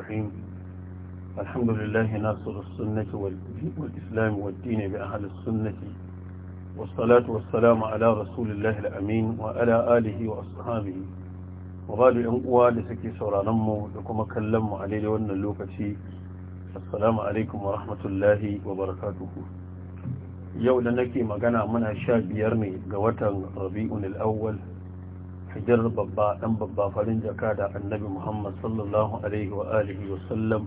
الرحيم الحمد لله ناصر السنة والإسلام والدين بأهل السنة والصلاة والسلام على رسول الله الأمين وعلى آله وأصحابه وبعد أنقوى لسكي سورانمو لكم أكلم عليه وأن اللوكتي السلام عليكم ورحمة الله وبركاته يولا نكي مغانا منها شاب يرمي قوة ربيع الأول hijirar babba ɗan babba farin jaka da annabi muhammad sallallahu alaihi wa alihi wa sallam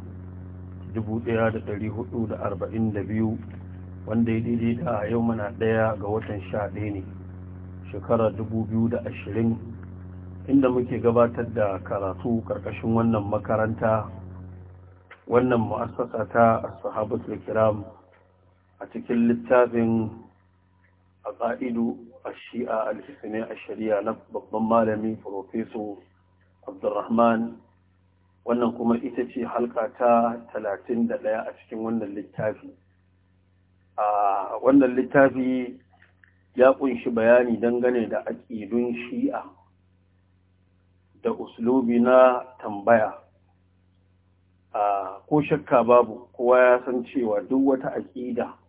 1442 wanda ya daidaita a yau mana ɗaya ga watan sha ɗaya ne shekara 2020 inda muke gabatar da karatu ƙarƙashin wannan makaranta wannan ma'asasa ta sahabatul kiram a cikin littafin a ƙa'idu الشيعة الحسنية الشريعة لببن مالمي بروفيسور عبد الرحمن wannan kuma ita ce halka ta talatin da ɗaya a cikin wannan littafi a wannan littafi ya kunshi bayani dangane da aƙidun shi'a da uslubi na tambaya a ko shakka babu kowa ya san cewa duk wata aƙida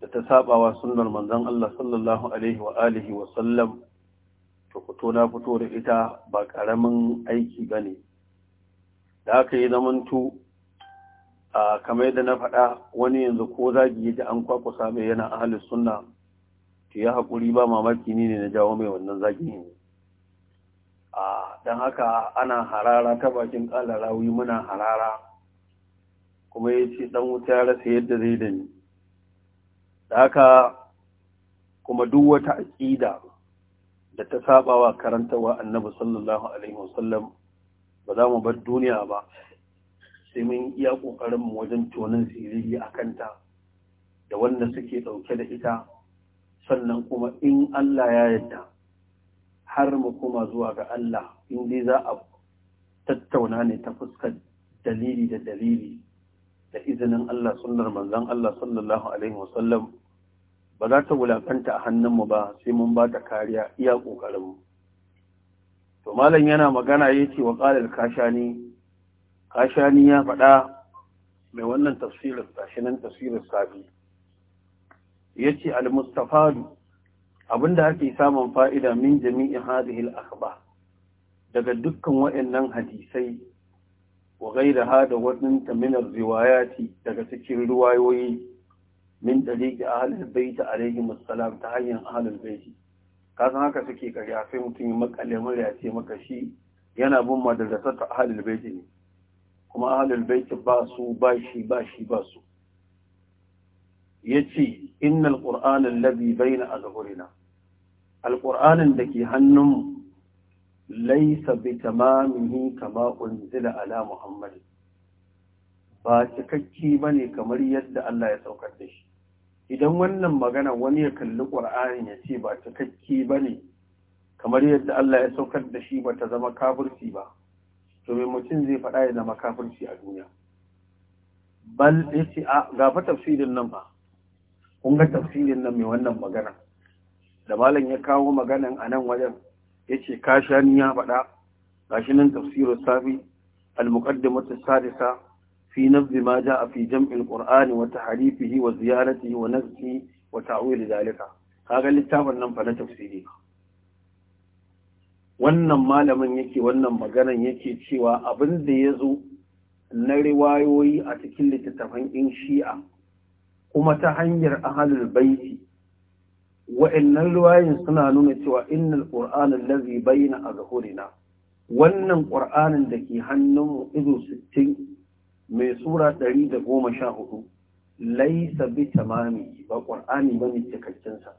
da ta sabawa sunnar manzon Allah sallallahu alaihi wa alihi wa sallam to fito na fito da ita ba karamin aiki bane da aka yi zamantu a kamar yadda na faɗa wani yanzu ko zagi ta an kwakwasa mai yana ahalin sunna to ya haƙuri ba mamaki ne na jawo mai wannan zagi ne a don haka ana harara ta bakin ƙala rawi muna harara kuma ya ce ɗan wuta ya rasa yadda zai da ni da haka kuma duk wata aƙida da ta wa karantawa annabi sallallahu alaihi wasallam ba za mu bar duniya ba sai mun iya ƙoƙarin mu wajen tonin siriri a kanta da wanda suke ɗauke da ita sannan kuma in Allah ya yarda har mu kuma zuwa ga Allah in dai za a tattauna ne ta fuskar dalili da dalili da izinin Allah sunnar manzon Allah sallallahu alaihi wasallam ba za ta wulakanta a hannunmu ba sai mun ba ta kariya iya ƙoƙarinmu to malam yana magana ya ce wa ƙalar kashani kashani ya faɗa mai wannan tafsirin tashinan tafsirin safi ya ce al-mustafadu abinda ake samun fa'ida min jami'in hadihil akhbar daga dukkan waɗannan hadisai wa gaira ha da waɗin minar riwayati daga cikin ruwayoyi. min daliki ahlul a alaihi musallam ta hanyar ahlul baiti ka san haka suke karya sai mutum ya makale ya ce maka shi yana bin madrasar ta ahlul bait ne kuma ahlul bait ba su ba shi ba shi ba su yace innal qur'ana alladhi bayna azhurina alqur'anin dake hannunmu laisa bi tamamihi kama unzila ala muhammad ba cikakki bane kamar yadda Allah ya saukar da shi idan wannan magana wani ya kalli ƙur'ani ya ce ba cikakke ba ne kamar yadda Allah ya saukar da shi ba ta zama kafirci ba to mai mutum zai faɗa ya zama kafirci a duniya bal ya ce a gafa tafsirin nan ba kun ga tafsirin nan mai wannan magana da malam ya kawo maganan a nan wajen ya ce ni ya faɗa gashi nan tafsirin safi al-muqaddimatu sadisa في نبذ ما جاء في جمع القرآن وتحريفه وزيارته ونفسه وتعويل ذلك هذا الكتاب النمفل تفسيري wannan malamin yake wannan maganan yake cewa abin da ya zo na riwayoyi a cikin littattafan in shi'a kuma ta hanyar ahalul baiti wa'annan riwayoyin suna nuna cewa innal qur'ana allazi bayna azhurina wannan qur'anin da ke hannunmu ido sittin. mai sura ɗari da goma sha hudu laisa bi tamami ba ƙwar'ani ba ne cikakkensa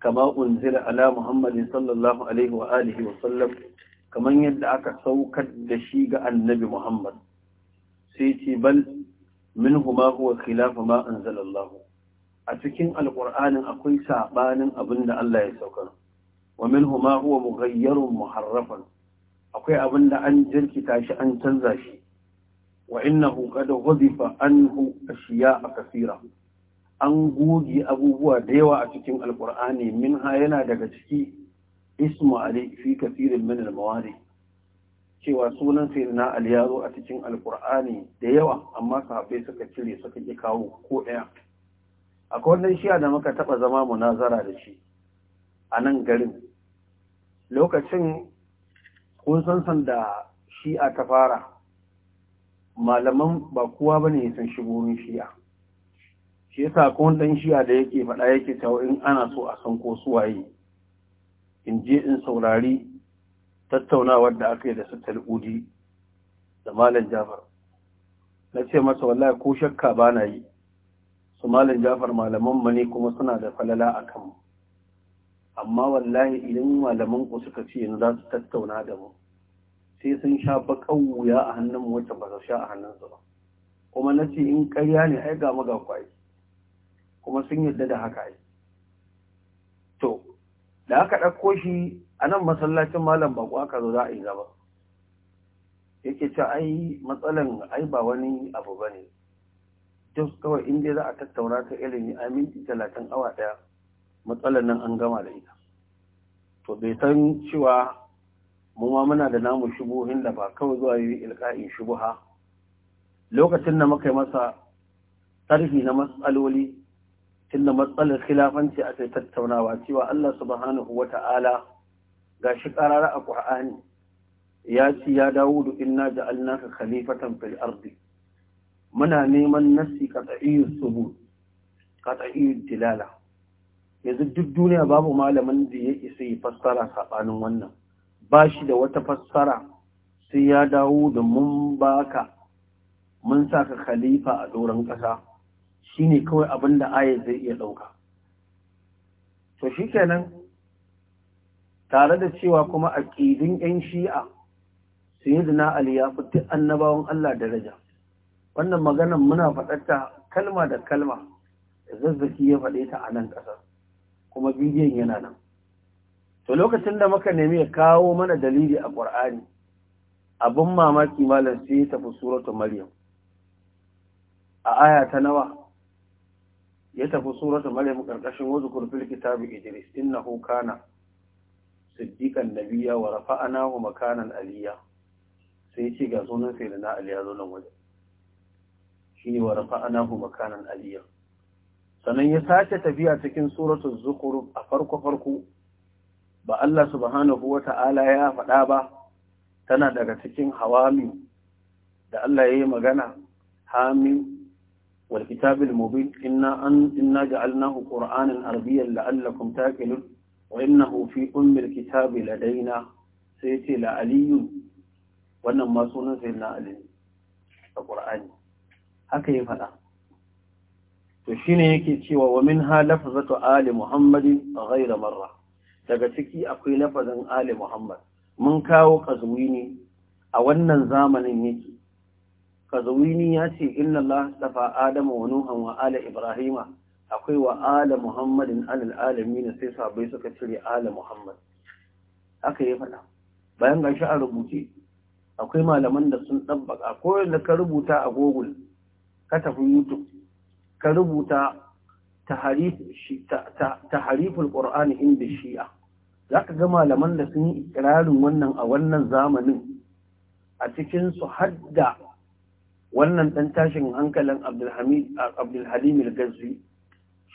kama unzira ala muhammadin sallallahu alaihi wa alihi wa sallam kamar yadda aka saukar da shi ga annabi muhammad sai ce bal min huma huwa khilafa ma anzalallahu a cikin alƙur'anin akwai saɓanin abin da Allah ya saukar wa min huma huwa mughayyarun muharrafan akwai abin da an jirkita shi an canza shi وإنه قد غذف عنه أشياء كثيرة an goge abubuwa da yawa a cikin alkur'ani minha yana daga ciki ismu ali fi kafirin min almawadi cewa sunan sayyidina ali ya zo a cikin alkur'ani da yawa amma sahabbai suka cire suka ki kawo ko daya akwai wannan shiya da muka taba zama munazara da shi a nan garin lokacin kun san sanda shi'a ta fara malaman ba kowa bane ya san shigowin shi'a shi yasa kun dan shi'a da yake faɗa yake cewa in ana so a san ko suwaye in je in saurari tattaunawar da aka yi da sattal udi da malam jafar na ce masa wallahi ko shakka ba na yi su malam jafar malaman mu ne kuma suna da falala a kanmu amma wallahi idan malaman ku suka ce yanzu za su tattauna da mu sai sun sha bakan wuya a hannun wacce ba su sha a hannunsu ba kuma na ce in karya ne ai ga maga kwaye kuma sun yadda da haka ai to da aka ɗauko shi a nan masallacin malam bako aka zo za a yi gaba yake ce ai matsalan ai ba wani abu ba ne just kawai inda za a tattauna ta ilimi a minti talatin awa ɗaya matsalan nan an gama da ita to bai san cewa mu ma muna da namu shubuhin da ba kawai zuwa yi ilka'in shubuha lokacin da muka yi masa tarhi na matsaloli tun da matsalar khilafanci a sai tattaunawa cewa Allah subhanahu wa ta'ala ga shi karara a ƙur'ani ya ci ya dawo da inna ja'alnaka khalifatan fil ardi muna neman nassi qat'iyyu subut qat'iyyu dilala yanzu duk duniya babu malamin da ya isa yi fassara sabanin wannan ba shi da wata fassara sai ya dawo da mun baka mun saka khalifa a doron ƙasa shine kawai abin da ayat zai iya ɗauka to shikenan tare da cewa kuma aqidin yan shi'a sayyidina ali ya fi annabawan Allah daraja wannan maganar muna faɗarta kalma da kalma da zazzaki ya faɗe ta a nan ƙasar kuma bidiyon yana nan to lokacin da muka nemi ya kawo mana dalili a ƙwar'ani abin mamaki malam sai ya tafi suratu maryam a aya ta nawa ya tafi suratu maryam ƙarƙashin wasu kurfil kitabu idris innahu kana siddiqan nabiyya wa rafa'anahu makanan aliyya sai ce ga sunan sai na aliyya zonan waje? Shi ne wa rafa'anahu makanan aliyya sannan ya sace tafiya cikin suratul zukhruf a farko farko ba Allah subhanahu wa ta'ala ya faɗa ba tana daga cikin hawami da Allah ya yi magana hamim wal kitabil mubin inna an inna ja'alnahu qur'anan arabiyyan la'allakum taqilun wa innahu fi ummil kitabi ladaina sai ce la aliyu wannan ma sunan sai na a haka ya faɗa to shine yake cewa wa min zato ali muhammadin ghayra marra daga ciki akwai lafazin Ali Muhammad mun kawo Qazwini a wannan zamanin yake kazwini ya ce inna Allah safa Adam wa nuhan wa Ali Ibrahim akwai wa Ali Muhammadin alal alamin sai sabai suka cire Ali Muhammad haka ya faɗa bayan gashi a rubuce akwai malaman da sun dabbaka ko da ka rubuta a Google ka tafi YouTube ka rubuta tahariful ƙur'ani inda shi'a za ka ga malaman da sun yi ikirarin wannan a wannan zamanin a cikinsu hadda wannan ɗan tashin hankalin abdulhalim al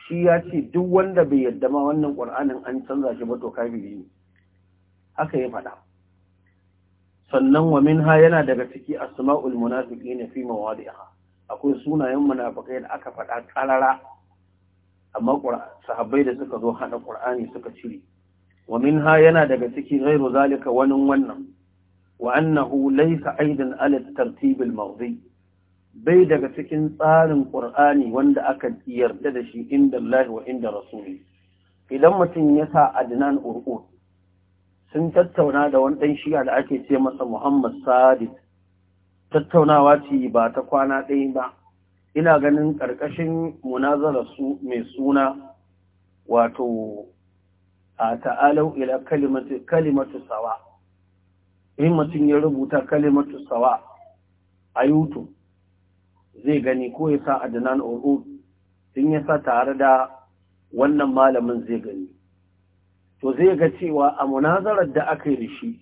shi ya ce duk wanda bai yadda ma wannan ƙwar'anin an canza shi ba to kafiri ne haka ya faɗa sannan wa minha yana daga ciki asma'ul munafiqina fi mawadi'a akwai sunayen munafikai da aka faɗa ƙarara. amma sahabbai da suka zo hada Kur'ani suka cire wa minha yana daga ciki ghairu zalika wani wannan wa annahu laysa aidan ala tartib al mawdi bai daga cikin tsarin ƙur'ani wanda aka yarda da shi inda Allah wa inda rasuli idan mutum ya sa adnan urqut sun tattauna da wani dan shi'a da ake ce masa Muhammad Sadiq tattaunawa ce ba ta kwana ɗaya ba ina ganin ƙarƙashin munazara su mai suna wato a ta'alau ila kalimatu sawa in mutum ya rubuta kalimatu sawa a youtube zai gani ko ya sa adnan uhud in ya sa tare da wannan malamin zai gani to zai ga cewa a munazarar da aka yi da shi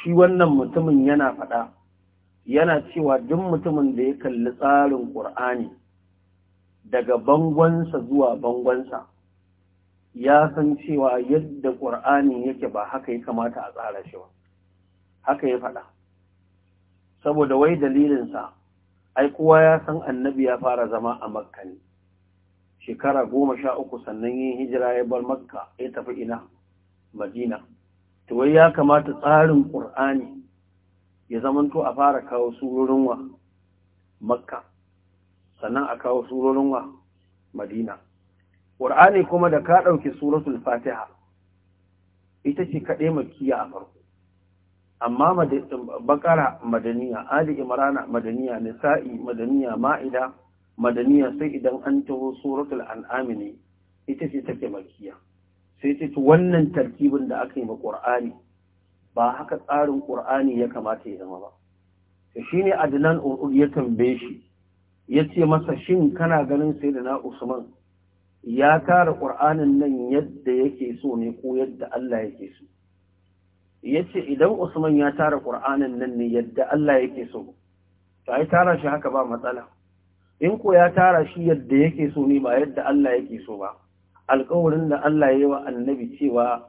shi wannan mutumin yana faɗa yana cewa duk mutumin da ya kalli tsarin ƙur'ani daga bangonsa zuwa bangonsa ya san cewa yadda ƙur'ani yake ba haka ya kamata a tsara shi ba haka ya faɗa saboda wai dalilinsa ai kowa ya san annabi ya fara zama a makka ne shekara goma sha uku sannan yin hijira ya bar makka ya tafi ina madina to wai ya kamata tsarin ƙur'ani ya zamanto a fara kawo surorin wa makka sannan a kawo surorin wa madina ƙur'ani kuma da ka ɗauki suratul fatiha ita ce kaɗai makiya a farko amma bakara madaniya ali imrana madaniya nisa'i madaniya ma'ida madaniya sai idan an taho suratul an'ami ne ita ce take makiya sai ta wannan tarkibin da aka yi ma qur'ani ba haka tsarin ƙur'ani ya kamata ya zama ba shi ne adnan ur'ud ya tambaye shi ya ce masa shin kana ganin sai da na usman ya tara ƙur'anin nan yadda yake so ne ko yadda allah yake so ya ce idan usman ya tara ƙur'anin nan ne yadda allah yake so ta yi tara shi haka ba matsala in ko ya tara shi yadda yake so ne ba yadda allah yake so ba Alƙawarin da allah ya yi wa annabi cewa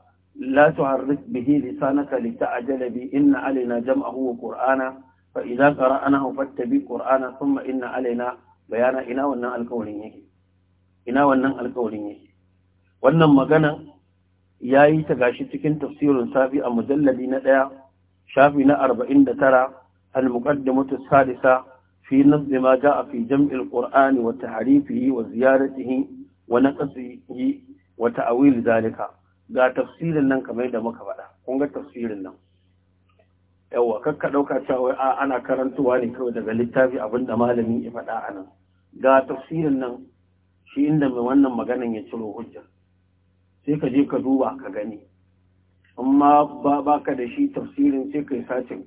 لا تعرف به لسانك لتعجل به إن علينا جمعه وقرآنا فإذا قرأناه فاتبع قرآنا ثم إن علينا بيانا إنا ونن الكولين يكي إنا ونن الكولين يكي ونن مغانا ياي تغاشتكين تفسير سافي المجلدين ديا شافينا أربعين دترى المقدمة السادسة في نظم ما جاء في جمع القرآن وتحريفه وزيارته ونقصه وتأويل ذلك ga tafsirin nan kamar yadda muka faɗa kun ga tafsirin nan yawa kakka ɗauka cewa a ana karantowa ne kawai daga littafi abinda malamin ya faɗa a nan ga tafsirin nan shi inda mai wannan maganan ya ciro hujja sai ka je ka duba ka gani amma ba baka da shi tafsirin sai ka yi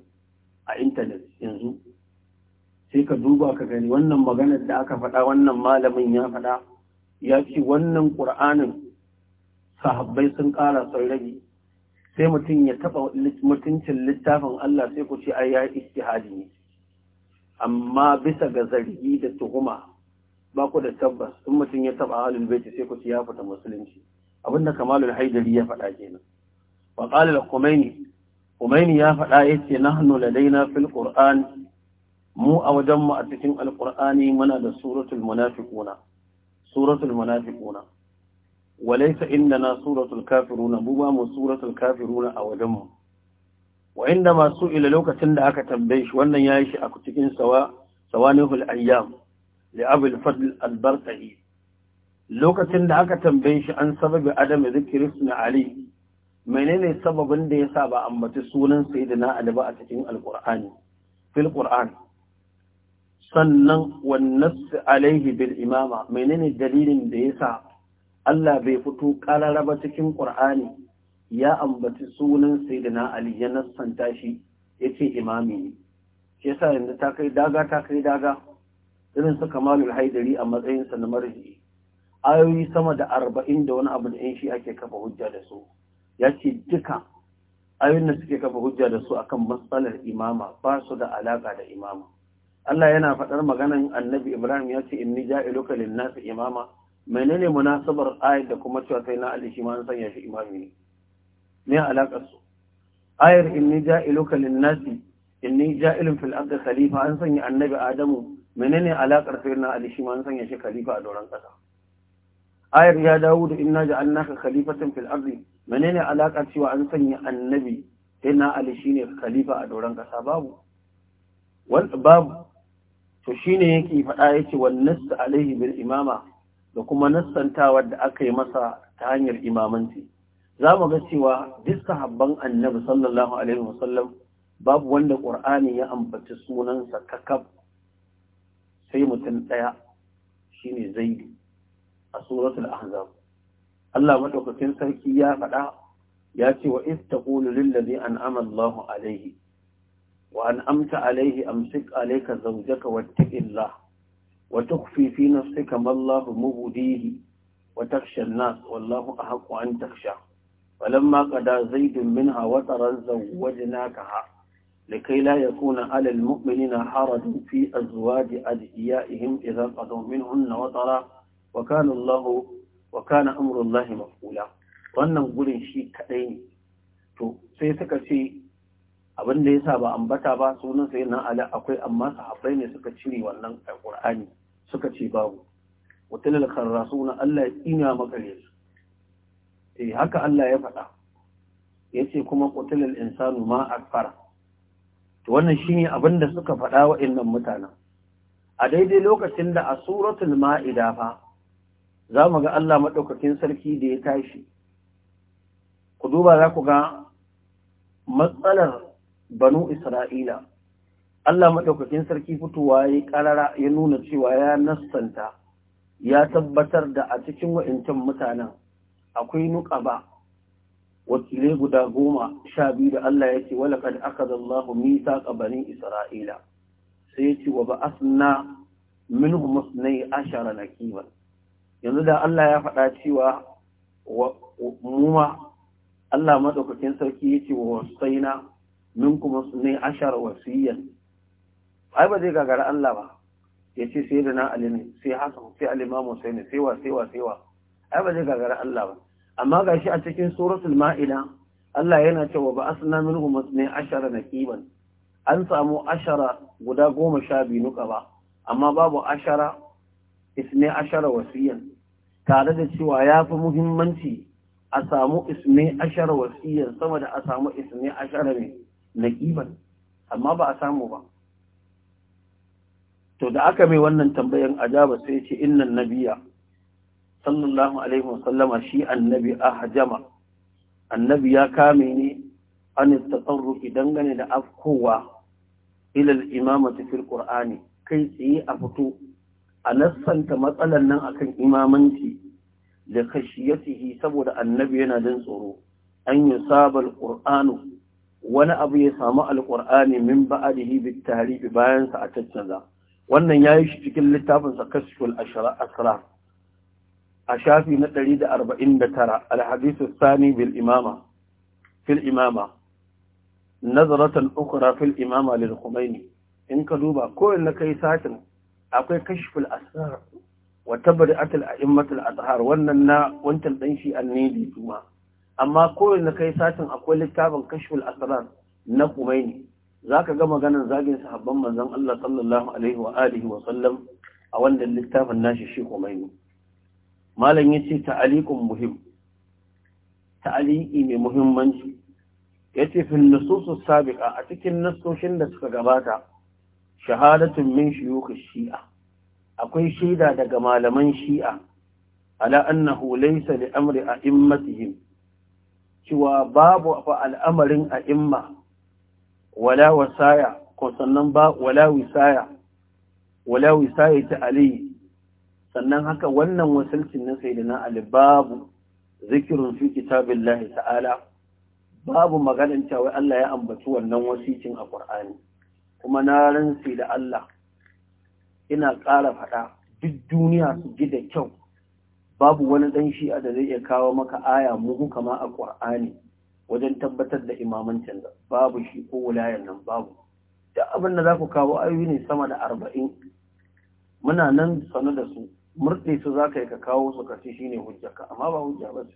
a intanet yanzu sai ka duba ka gani wannan maganar da aka faɗa wannan malamin ya faɗa ya ce wannan ƙur'anin sahabbai sun ƙara sun rabi sai mutum ya taɓa mutuncin littafin Allah sai ku ce ai ya istihadi ne amma bisa ga zargi da tuhuma ba ku da tabbas in mutum ya taɓa halin baiti sai ku ce ya fita musulunci abinda kamalul haidari ya faɗa kenan wa qala al-khumaini khumaini ya faɗa yace nahnu ladaina fil qur'an mu a wajen mu a cikin alqur'ani muna da suratul munafiquna suratul munafiquna walaysa indana suratul kafiruna mu ba mu suratul kafiruna a wajen mu wa inda masu ila lokacin da aka tambaye shi wannan yayi shi a cikin sawa sawanihul ayyam li abul fadl al lokacin da aka tambaye shi an sababi adam zikri sunna ali menene sababin da yasa ba ambaci sunan sayyidina ali ba a cikin alqur'ani fil qur'an sannan wan nass alaihi bil imama menene dalilin da ya sa? Allah bai fito ba cikin ƙur'ani ya ambaci sunan Sayyidina Ali ya nasanta shi yace imami ne shi yasa yanzu ta kai daga ta kai daga irin su Kamalul Haidari a matsayin sa na marji ayoyi sama da arba'in da wani abu da yan shi ake kafa hujja da su ya ce duka ayoyin da suke kafa hujja da su akan matsalar imama ba su da alaka da imama Allah yana faɗar maganan annabi Ibrahim ya ce inni ja'iluka lin-nasi imama menene munasabar ayar da kuma cewa sai na Ali shi ma an sanya shi imami ne me alakar su ayar inni ja'iluka lin-nasi inni ja'ilun fil ardi khalifa an sanya annabi Adamu menene alakar sai na Ali shi ma an sanya shi khalifa a doron kasa ayar ya dawo Dawud inna ja'alnaka khalifatan fil ardi menene alakar cewa an sanya annabi sai na Ali ne khalifa a doron kasa babu wal babu to shine yake faɗa yace wan nas alaihi bil imama da kuma nassantawar da aka yi masa ta hanyar imamanci za mu ga cewa duk sahabban annabi sallallahu alaihi wasallam babu wanda ƙur'ani ya ambaci sunansa kakab sai mutum ɗaya shine zaidi a suratul ahzab Allah madaukakin sarki ya faɗa ya ce wa iz taqulu lil ladhi an'ama Allahu alaihi wa an'amta alaihi amsik alayka zawjaka wattaqillah وتخفي في نفسك ما الله مبديه وتخشى الناس والله أحق أن تخشى فلما قضى زيد منها وطرا زوجناكها لكي لا يكون على المؤمنين حرج في أزواج أدعيائهم إذا قضوا منهن وطرا وكان الله وكان أمر الله مفعولا وانا نقول شيء kadai تو to شيء أبن ليس أبا أنبتا باسونا سينا على أقوي أما sai na ala akwai القرآن suka ce babu rasu na Allah ya ina makare su E, eh, haka Allah ya faɗa yace kuma qutilal insanu ma akfara to wannan shine abin da suka faɗa innan mutanen a daidai lokacin da a suratul ma'ida fa za mu ga Allah madaukakin sarki da ya tashi ku duba za ku ga matsalar banu isra'ila Allah maɗaukakin sarki fitowa ya yi ƙarara ya nuna cewa ya nasanta', ya tabbatar da a cikin wa'incan mutanen akwai nuƙaba wakilai guda goma sha biyu da Allah ya ce wala kad aka zallahu mita ƙabarin Isra'ila sai ya ce wa ba asna min musnai ashara na kiban yanzu da Allah ya faɗa cewa muma Allah maɗaukakin sarki ya ce wa na min kuma sunai ashara wasiyan ai ba zai gagara Allah ba ya ce sai da na alini sai hasan sai alimamu sai ne sai wa sai wa sai wa ai ba zai gagara Allah ba amma ga shi a cikin suratul ma'ida Allah yana cewa ba asna minhum masni ashara naqiban an samu ashara guda goma sha biyu nuka ba amma babu ashara isne ashara wasiyan tare da cewa ya fi muhimmanci a samu isne ashara wasiyan sama da a samu isne ashara ne naqiban amma ba a samu ba to da aka mai wannan tambayan ajaba sai ce innan nabiya sallallahu alaihi wasallama shi annabi ahjama annabi ya kame ne an tsarruki dangane da afkowa ilal al-imamati fil qur'ani kai tsaye a fito a nassanta matsalan nan akan imamanci da khashiyatihi saboda annabi yana jin tsoro an yusaba al-qur'anu wani abu ya samu Alƙur'ani min ba'dihi bit tahrifi bayan sa a tattaza wannan ya yi shi cikin littafin sakashul asra a shafi na 149 alhadisu sani bil imama fil imama nazaratan ukra fil imama lil khumaini in ka duba ko na kai satin akwai kashful asrar wa tabri'at a a'immat al athhar wannan na wancan dan shi annidi kuma amma ko na kai satin akwai littafin kashful asrar na khumaini za ka ga maganar zagin sahabban manzan Allah sallallahu alaihi wa alihi wa sallam a wannan littafin nashi shi Khomeini malam yace ta'aliqun muhim ta'aliqi mai muhimmanci yace fil nusus a cikin nasoshin da suka gabata shahadatun min shiyuka shi'a akwai shaida daga malaman shi'a ala annahu laysa li amri a'immatihim cewa babu al'amarin a'imma wala wasaya ko sannan ba wala wisaya wala wisaya ta Aliyu, sannan haka wannan wasilcin na sayyidina ali babu zikirun fi kitabillahi ta'ala babu maganin cewa Allah ya ambaci wannan wasicin a Qur'ani kuma na rantsi da Allah ina ƙara faɗa duk duniya su ji da kyau babu wani dan shi'a da zai iya kawo maka aya mu kama a Qur'ani wajen tabbatar da imamancin da babu shi ko wulayen nan babu da abin da za ku kawo ayoyi ne sama da arba'in muna nan sanu da su murɗe su za ka yi ka kawo su ka ce ne hujjaka amma ba hujja ba ce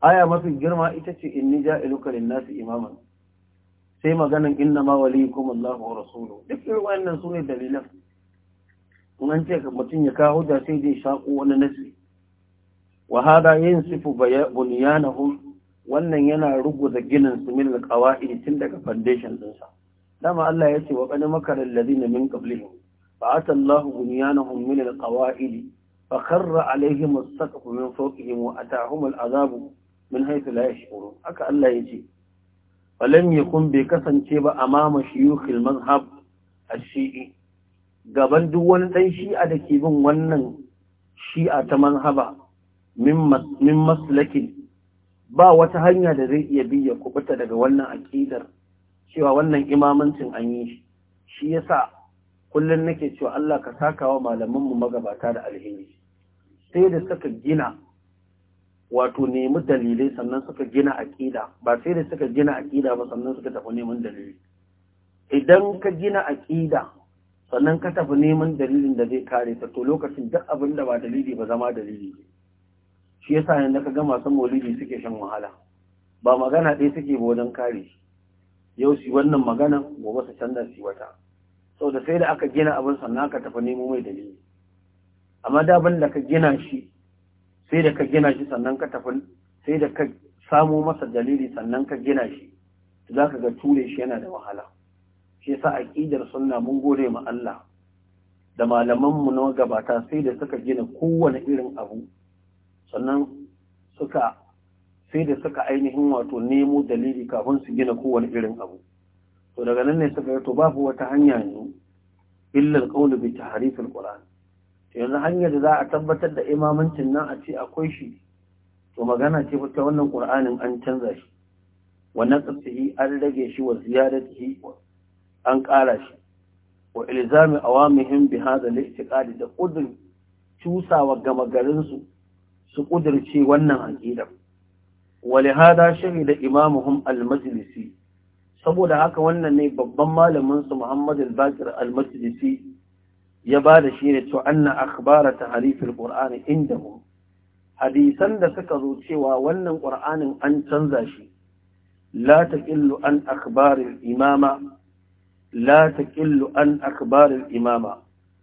aya mafi girma ita ce in inni ja'iluka lin nasu imaman sai maganan inna ma kuma Allahu wa rasulu duk irin su ne dalilan in an ce mutum ya kawo hujja sai zai shaƙo wani nasi wa hada sifu bayanahu wannan yana ruguza ginin su min alqawaid tun daga foundation ɗinsa. dama Allah ya ce wa qad makara alladhina min qablihim fa atallahu bunyanahum min alqawaid fa kharra alaihim as-saqfu min fawqihim wa atahum al'adabu min haythu la yash'urun haka Allah ya ce falam yakun bai kasance ba amama shuyukhil mazhab ash-shi'i gaban duk wani dan shi'a da ke bin wannan shi'a ta manhaba min maslakin ba wata hanya da zai iya bi ya kubuta daga wannan aƙidar cewa wannan imamancin an yi shi shi yasa kullum nake cewa Allah ka saka wa malaman mu magabata da alheri sai da suka gina wato nemi dalilai sannan suka gina aƙida ba sai da suka gina aƙida ba sannan suka tafi neman dalili idan ka gina aƙida sannan ka tafi neman dalilin da zai kare ta to lokacin duk abin da ba dalili ba zama dalili ne shi yasa yanda ka ga masu maulidi suke shan wahala ba magana ɗaya suke ba wajen kare shi yau su wannan magana gobe su canza su wata sau da sai da aka gina abin sannan aka tafi nemo mai dalili amma daban da ka gina shi sai da ka gina shi sannan ka tafi sai da ka samo masa dalili sannan ka gina shi za ka ga ture shi yana da wahala shi yasa aƙidar sunna mun gode ma Allah da malamanmu mu na gabata sai da suka gina kowane irin abu sannan suka sai da suka ainihin wato nemo dalili kafin su gina kowane irin abu to daga nan ne suka yi to babu wata hanya ne illal qawlu bi tahrif alquran to yanzu hanyar da za a tabbatar da imamancin nan a ce akwai shi to magana ce ta wannan qur'anin an canza shi wa naqsihi an rage shi wa ziyadatihi an kara shi wa ilzami awamihim bi hadha al-i'tiqad da qudr cusawa gama garin su su ƙudurce wannan aƙidar wale hada shahida imamuhum al-majlisi saboda haka wannan ne babban malamin su Muhammad al-Bakir al-Majlisi ya ba da shi ne to anna akhbara tahrif al-Qur'ani indahum hadisan da suka zo cewa wannan Qur'anin an canza shi la لا تقل عن أخبار الإمامة لا تقل عن أخبار الإمامة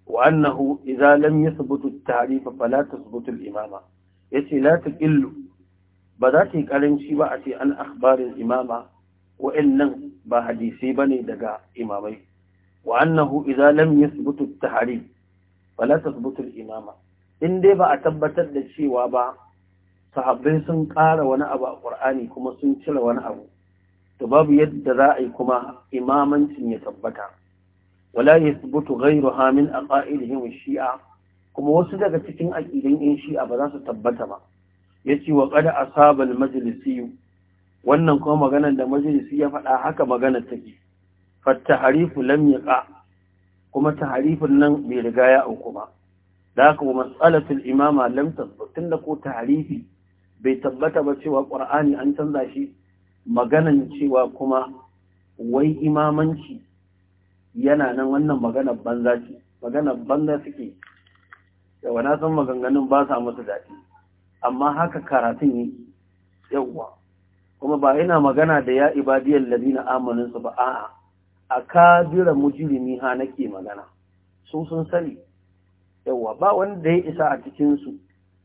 وأنه إذا لم يثبت التعريف فلا تثبت الإمامة ce la Illu" ba za ta yi karanci ba a ce an akhbarin imama wa'annan ba hadisi bane daga imamai wa'annahu annahu ya lam ta at-tahrim fala tathbut imama in dai ba a tabbatar da cewa ba sahabbai sun ƙara wani abu a Qur'ani kuma sun cire wani abu to babu yadda za a yi kuma imamancin ya tabbata wala gairu hamin a aqaidihim shi'a kuma wasu daga cikin aƙidan yan shi'a ba za su tabbata ba ya ce wa kada asabal majalisiyu wannan kuma maganar da majalisi ya faɗa haka maganar take fattaharifu lam yaqa kuma taharifin nan bai riga ya auku ba da haka wa mas'alatul imama lam tasbut tunda ko taharifi bai tabbata ba cewa qur'ani an canza shi maganan cewa kuma wai imamanci yana nan wannan maganar banza ce maganar banza suke yawa na san maganganun ba sa musu daɗi amma haka karatun yi. yawa kuma ba ina magana da ya ibadiyar ladina amanin su ba a'a a kabira ni ha nake magana su sun sani yawa ba wanda ya isa a cikin su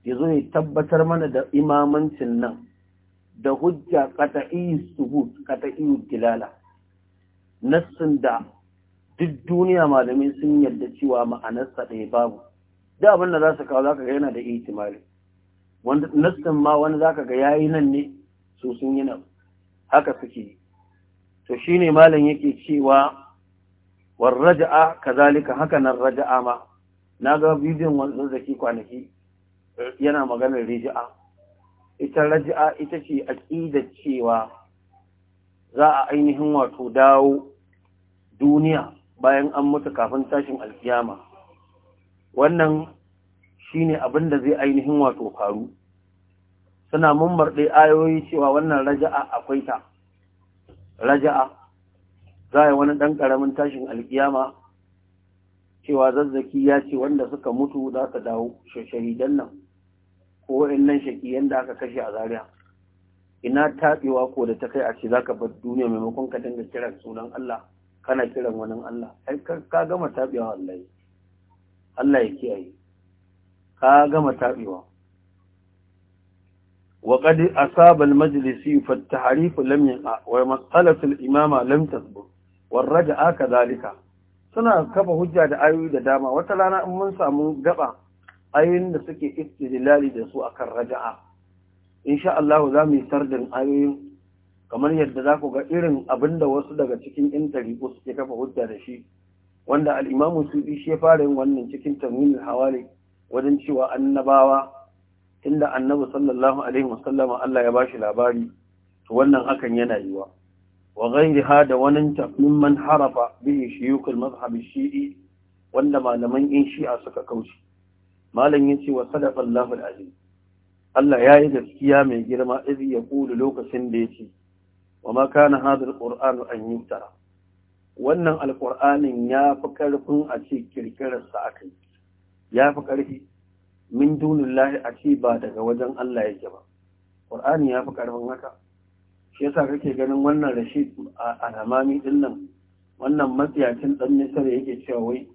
ya zo ya tabbatar mana da imamancin nan da hujja kata'i subut kata'i dilala nassin da duk duniya malamai sun yarda cewa ma'anarsa ɗaya babu da abin da za su kawo za ka ga yana da itimali. wanda nassan ma wani za ka ga yayi nan ne su sun yi nan haka suke yi to shine malam yake cewa war raja'a kazalika haka nan raja'a ma na ga bidiyon da zaki kwanaki yana maganar raja'a. ita raja'a ita ce aqidar cewa za a ainihin wato dawo duniya bayan an mutu kafin tashin alkiyama wannan shi ne abin da zai ainihin wato faru suna ɗai ayoyi cewa wannan raja'a akwai ta raja'a za a wani ɗan ƙaramin tashin alkiyama cewa zazzaki ya ce wanda suka mutu za ka dawo shahidan nan ko in nan shakiyan da aka kashe a Zariya. ina taɓewa ko da ta kai a ce za ka bar duniya maimakon ka dinga kiran sunan Allah kana kiran wani Allah ai ka gama taɓewa wallahi Allah ya kiyaye ka gama tabewa وقد lam yaqa wa masalat al imama lam tasbur wa والرجع kadhalika suna kafa hujja da ayoyi da dama wata rana in mun samu gaba ayoyin da suke istidlali da su akan raja'a insha Allah za mu yi sardin ayoyin kamar yadda za ku ga irin abinda wasu daga cikin yan suke kafa hujja da shi wanda al'imamu suɗi shi ya fara yin wannan cikin tamimul hawali wajen cewa annabawa inda annabi sallallahu alaihi wasallama Allah ya bashi labari to wannan hakan yana yiwa wa ghayriha da wannan mimman harafa bihi shiyukul mazhab shi'i wanda malaman in shi'a suka kauce malam yace wa sadaqa Allahu al Allah Allah yayi gaskiya mai girma izi ya kulu lokacin da ya ce wa ma kana hadha al-qur'anu an tara. wannan alƙur'anin ya fi ƙarfin a ce ƙirƙirarsa a kai ya fi ƙarfi min dunin a ce ba daga wajen Allah yake ba ƙur'ani ya fi ƙarfin haka shi yasa kake ganin wannan rashid alamami din nan wannan matsiyacin ɗan ya yake cewa wai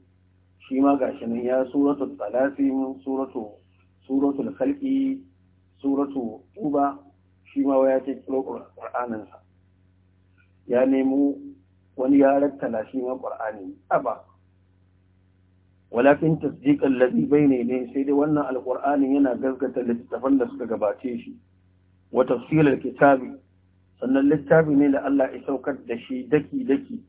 shi ma shi nan ya suratu talafin suratu suratul khalqi suratu tuba shi ma ya ce kiro ƙur'aninsa ya nemo wani ya rattala shi ma aba walakin tasdiqan ladhi bayni ne sai dai wannan alqur'ani yana gaskata littafan da suka gabace shi wa tafsil alkitabi sannan littafi ne da Allah ya saukar da shi daki daki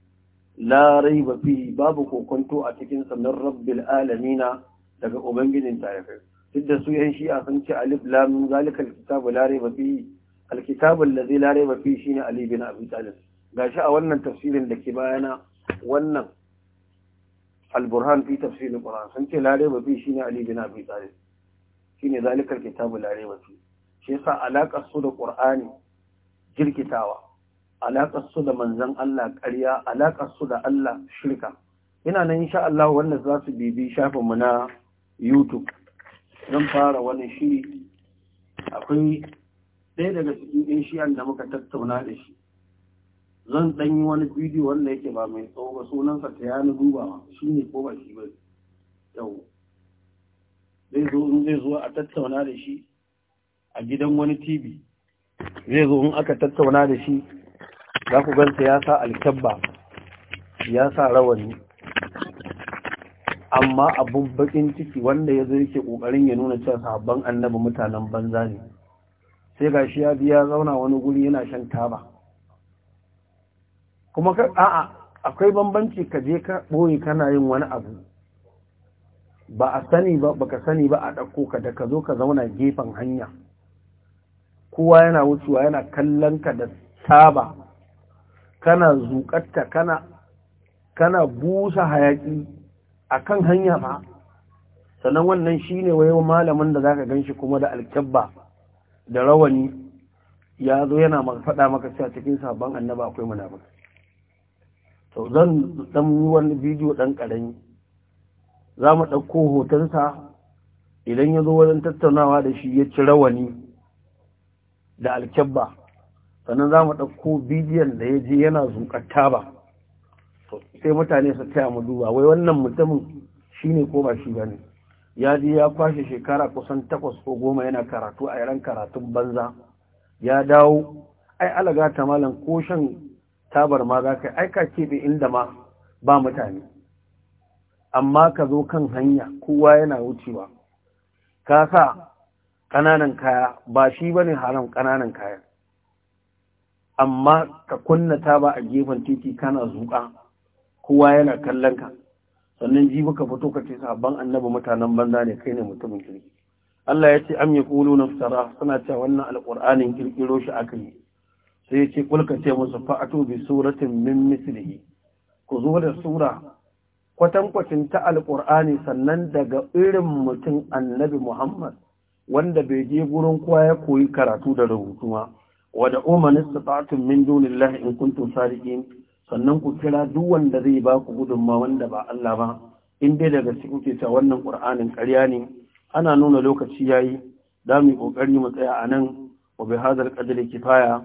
la raiba fihi babu kokonto a cikin sannan rabbil alamina daga ubangijin tarifai duk da su yan shi'a sun ce alif lam zalika alkitabu la raiba fihi alkitabu allazi la raiba fihi shine ali bin abi talib gashi a wannan tafsirin da ke bayana wannan alburhan fi tafsirin Qur'an. sun ce lare ba fi shine ali bin abi talib shine zalikar kitabu ba fi shi yasa alaƙar su da ƙur'ani jirkitawa alaƙar su da manzan Allah ƙarya alaƙar su da Allah shirka ina nan insha Allah wannan za su bibi shafin mu na YouTube zan fara wani shiri akwai ɗaya daga cikin ɗin shi'an da muka tattauna da shi zan dan yi wani bidiyo wanda yake ba mai tsawo ba sunansa ta yana dubawa shi ne ko ba shi ba yau zai zo in zai zo a tattauna da shi a gidan wani tv zai zo in aka tattauna da shi za ku gansa ya sa alkyabba ya sa rawani amma abun bakin ciki wanda ya zo yake kokarin ya nuna cewa sabon annabi mutanen banza ne sai gashi ya biya zauna wani guri yana shan taba kuma ka a'a akwai bambanci ka je ka boye kana yin wani abu ba a sani ba baka sani ba a ɗauko ka da ka zo ka zauna gefen hanya kowa yana wucewa yana kallon ka da saba kana zuƙatta kana kana busa hayaki akan hanya ba sannan wannan shine wai malamin da zaka ganshi kuma da alkabba da rawani ya zo yana faɗa maka cewa cikin sabon annaba akwai munafiki to zan dan yi wani bidiyo dan karami za mu ɗauko hotonsa idan ya zo wajen tattaunawa da shi ya ci rawani da alkyabba sannan za mu ɗauko bidiyon da ya je yana zuƙar taba sai mutane su taya mu duba wai wannan mutumin shi ne ko ba shi ba ne ya je ya kwashe shekara kusan takwas ko goma yana karatu a yaran karatun banza ya dawo ai alagata ta malam ko shan tabar ma za ka aika da inda ma ba mutane amma ka zo kan hanya kowa yana wucewa ka sa ƙananan kaya ba shi ba ne haram ƙananan kaya amma ka kunna taba a gefen titi kana zuƙa kowa yana kallon ka sannan ji ka fito ka ce sabon annabi mutanen banza ne kai ne mutumin kirki Allah ya ce am yaquluna iftara suna cewa wannan Alƙur'anin kirkiro shi aka yi sai ya ce kulka ce musu fa'atu bi suratin min mislihi ku zo da sura kwatankwacin ta alqur'ani sannan daga irin mutum annabi Muhammad wanda bai je gurin kowa ya koyi karatu da rubutu ma wada umanis sifatun min dunillahi in kuntum sadiqin sannan ku kira duk wanda zai ba ku gudunma wanda ba Allah ba in dai daga cikin kuke ta wannan Qur'anin ƙarya ne ana nuna lokaci yayi da mu kokari mu tsaya anan wa bi hadal qadri kifaya